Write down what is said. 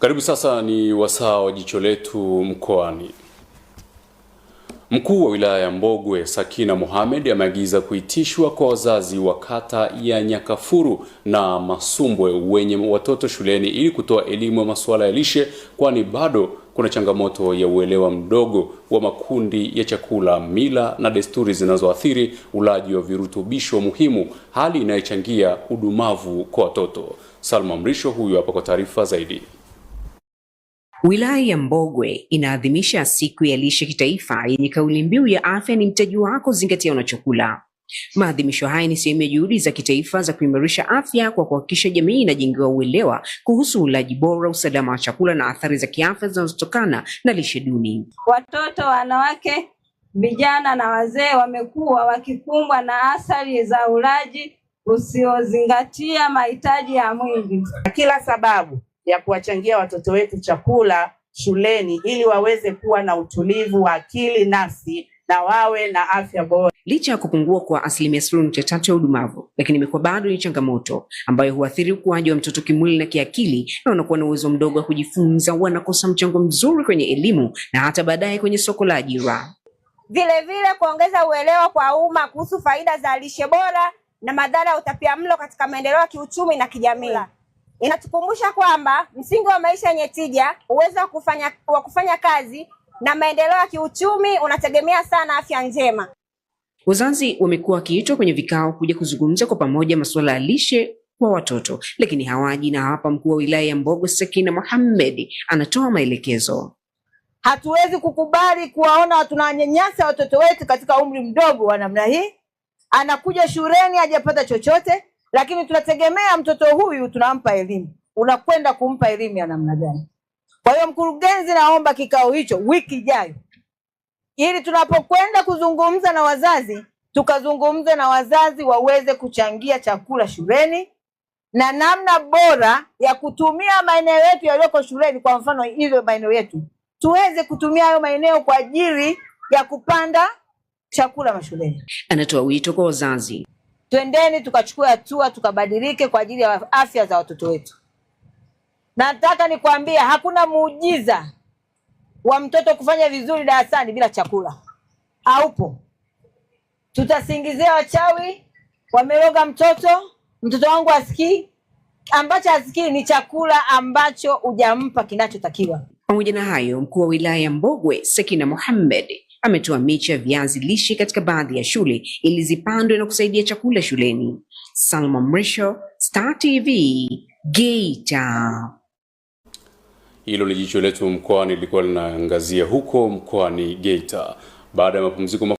Karibu sasa ni wasaa wa jicho letu mkoani. Mkuu wa wilaya ya Mbogwe Sakina Mohamed ameagiza kuitishwa kwa wazazi wa kata ya Nyakafuru na Masumbwe wenye watoto shuleni ili kutoa elimu ya masuala ya lishe, kwani bado kuna changamoto ya uelewa mdogo wa makundi ya chakula, mila na desturi zinazoathiri ulaji wa virutubisho muhimu, hali inayochangia udumavu kwa watoto. Salma Mrisho huyu hapa kwa taarifa zaidi. Wilaya ya Mbogwe inaadhimisha siku ya lishe kitaifa yenye kauli mbiu ya afya ni mtaji wako, zingatia unachokula. Maadhimisho haya ni sehemu ya juhudi za kitaifa za kuimarisha afya kwa kuhakikisha jamii inajengewa uelewa kuhusu ulaji bora, usalama wa chakula na athari za kiafya zinazotokana na lishe duni. Watoto, wanawake, vijana na wazee wamekuwa wakikumbwa na athari za ulaji usiozingatia mahitaji ya mwili. Kila sababu ya kuwachangia watoto wetu chakula shuleni ili waweze kuwa na utulivu wa akili nafsi na wawe na afya bora. Licha ya kupungua kwa asilimia sifuri nukta tatu ya udumavu, lakini imekuwa bado ni changamoto ambayo huathiri ukuaji wa mtoto kimwili na kiakili, na wanakuwa na uwezo mdogo wa kujifunza, wanakosa mchango mzuri kwenye elimu na hata baadaye kwenye soko la ajira. Vilevile kuongeza uelewa kwa umma kuhusu faida za lishe bora na madhara ya utapia mlo katika maendeleo ya kiuchumi na kijamii. Inatukumbusha kwamba msingi wa maisha yenye tija, uwezo wa kufanya, wa kufanya kazi na maendeleo ya kiuchumi unategemea sana afya njema. Wazazi wamekuwa wakiitwa kwenye vikao kuja kuzungumza kwa pamoja masuala ya lishe kwa watoto, lakini hawaji. Na hapa mkuu wa wilaya ya Mbogwe sekina Mohamed anatoa maelekezo. Hatuwezi kukubali kuwaona tunawanyanyasa watoto wetu katika umri mdogo wa namna hii. Anakuja shuleni hajapata chochote lakini tunategemea mtoto huyu tunampa elimu. Unakwenda kumpa elimu ya namna gani? Kwa hiyo, mkurugenzi, naomba kikao hicho wiki ijayo, ili tunapokwenda kuzungumza na wazazi tukazungumze na wazazi waweze kuchangia chakula shuleni na namna bora ya kutumia maeneo yetu yaliyoko shuleni. Kwa mfano hizo maeneo yetu tuweze kutumia hayo maeneo kwa ajili ya kupanda chakula mashuleni. Anatoa wito kwa wazazi Twendeni tukachukua hatua tukabadilike kwa ajili ya afya za watoto wetu. Nataka nikwambie hakuna muujiza wa mtoto kufanya vizuri darasani bila chakula, haupo. Tutasingizia wachawi, wameroga mtoto, mtoto wangu asikii. Ambacho asikii ni chakula ambacho hujampa kinachotakiwa. Pamoja na hayo, mkuu wa wilaya ya Mbogwe Sekina Mohamed ametoa miche ya viazi lishe katika baadhi ya shule ili zipandwe na kusaidia chakula shuleni. Salma Mrisho, Star TV, Geita. Hilo ni jicho letu mkoani, lilikuwa linaangazia huko mkoani Geita baada ya mapumziko